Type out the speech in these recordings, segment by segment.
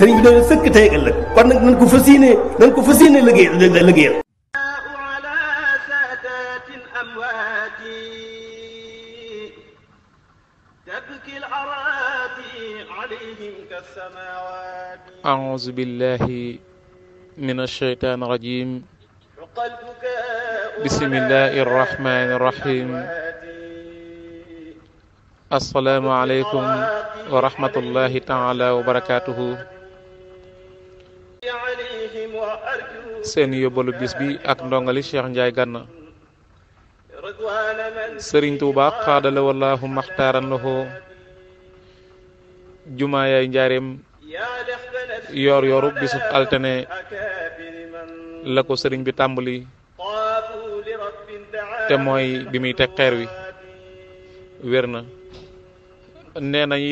sëriñ bi dana sëkk tey ëllëg kon nag nañ ko fas yéene nañ ko fas yéene liggéey liggéeyal أعوذ بالله من الشيطان الرجيم بسم الله الرحمن الرحيم السلام عليكم ورحمة الله تعالى وبركاته seen yóbbalu bis bi ak ndongali Cheikh njaay Gana sëriñ Tuubaa xaadale wallaahu maxtaaran lahu jumaa yaay njaareem yoor yooru bisub altine la ko sëriñ bi tàmbali te mooy bi muy teg xeer wi wér na nee nañ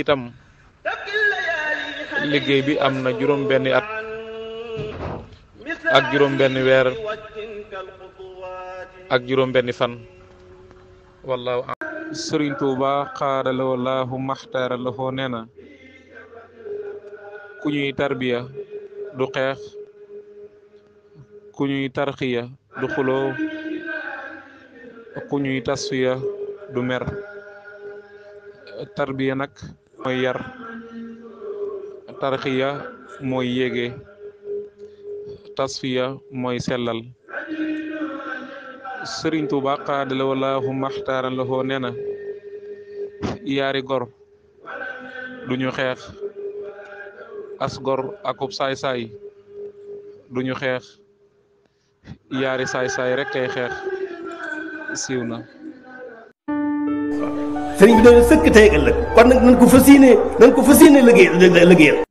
liggéey bi am na juróom benni at ak juróom-benni weer ak juróom-benni fan wallaahu a sëriñ tuuba xaarala walaahu maxtaara la foo nee na ku ñuy tarbiya du xeex ku tarxiya du xuloo ku ñuy tasfiya du mer tarbiya nag mooy yar tarxiya mooy yéege tasfiya mooy sellal sëriñ Tuuba xaadala walaahu maxtaaran la xoo nee na yaari gor duñu xeex as gor akub saay-saay duñu xeex yaari saay-saay rek kay xeex siiw na sëriñ bi dana sëkk tey ëllëg kon nag nañ ko fas yéene ko fas yéene